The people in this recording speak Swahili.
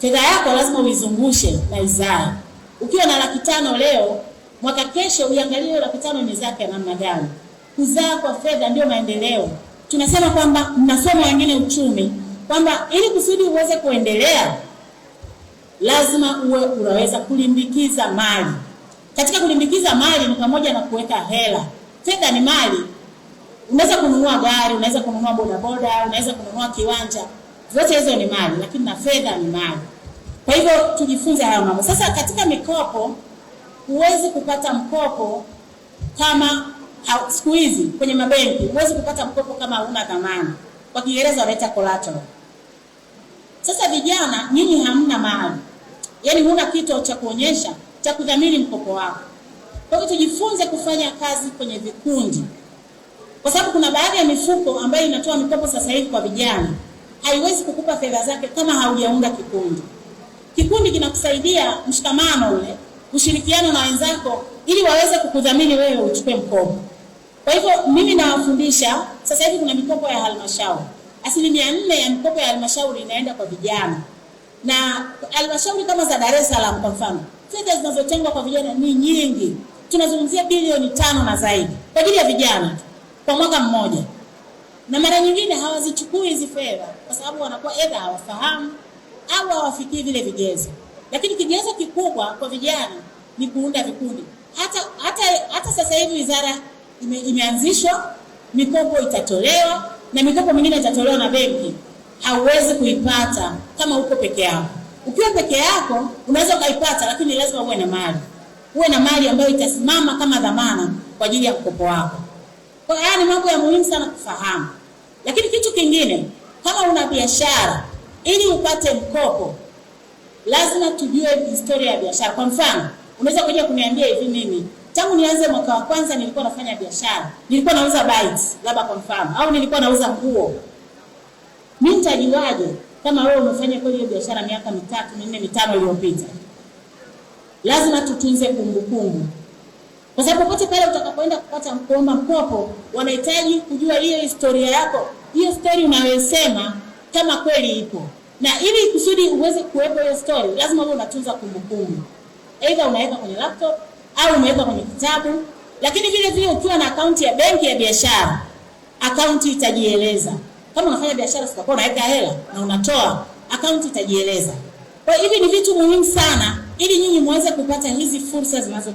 Fedha yako lazima uizungushe na izae. Ukiwa na laki tano leo, mwaka kesho uiangalie hiyo laki tano imezaa kwa namna gani. Kuzaa kwa fedha ndio maendeleo. Tunasema kwamba mnasoma wengine uchumi kwamba ili kusudi uweze kuendelea lazima uwe unaweza kulimbikiza mali. Katika kulimbikiza mali ni pamoja na kuweka hela. Fedha ni mali. Unaweza kununua gari, unaweza kununua bodaboda, unaweza kununua kiwanja Zote hizo ni mali, lakini na fedha ni mali. Kwa hivyo tujifunze hayo mambo. Sasa katika mikopo, huwezi kupata mkopo kama siku hizi kwenye mabenki, huwezi kupata mkopo kama huna dhamana. Kwa Kiingereza wanaita collateral. Sasa vijana, nyinyi hamna mali, yaani huna kitu cha kuonyesha cha kudhamini mkopo wako. Kwa hivyo tujifunze kufanya kazi kwenye vikundi, kwa sababu kuna baadhi ya mifuko ambayo inatoa mikopo sasa hivi kwa vijana haiwezi kukupa fedha zake kama haujaunda kikundi. Kikundi kinakusaidia mshikamano ule, ushirikiano na wenzako, ili waweze kukudhamini wewe uchukue mkopo. Kwa hivyo mimi nawafundisha sasa hivi, kuna mikopo ya halmashauri, asilimia nne ya mikopo ya halmashauri inaenda kwa vijana, na halmashauri kama za Dar es Salaam kwa mfano, fedha zinazotengwa kwa vijana ni nyingi, tunazungumzia bilioni tano na zaidi kwa ajili ya vijana kwa mwaka mmoja na mara nyingine hawazichukui hizi fedha kwa sababu wanakuwa edha hawafahamu au hawafikii vile vigezo. Lakini kigezo kikubwa kwa vijana ni kuunda vikundi. Hata, hata, hata sasa hivi wizara ime, imeanzishwa, mikopo itatolewa na mikopo mingine itatolewa na benki. Hauwezi kuipata kama uko peke yako. Ukiwa peke yako unaweza ukaipata, lakini lazima uwe na mali, uwe na mali ambayo itasimama kama dhamana kwa ajili ya mkopo wako. Kwa hiyo haya ni mambo ya muhimu sana kufahamu. Lakini kitu kingine, kama una biashara, ili upate mkopo lazima tujue historia ya biashara. Kwa mfano, unaweza kuja kuniambia hivi, mimi tangu nianze mwaka wa kwanza nilikuwa nafanya biashara, nilikuwa nauza bikes labda kwa mfano, au nilikuwa nauza nguo. Mimi nitajuaje kama wewe umefanya kweli hiyo biashara miaka mitatu minne mitano iliyopita? Lazima tutunze kumbukumbu, kwa sababu popote pale utakapoenda kupata kuomba mkopo, wanahitaji kujua hiyo historia yako hiyo stori unayosema kama kweli ipo, na ili kusudi uweze kuwepo hiyo stori, lazima uwe unatunza kumbukumbu, aidha unaweka kwenye laptop au unaweka kwenye kitabu. Lakini vile vile ukiwa na akaunti ya benki ya biashara, akaunti itajieleza. Kama unafanya biashara, sikakuwa unaweka hela na unatoa, akaunti itajieleza. Kwa hivi ni vitu muhimu sana, ili nyinyi muweze kupata hizi fursa zinazo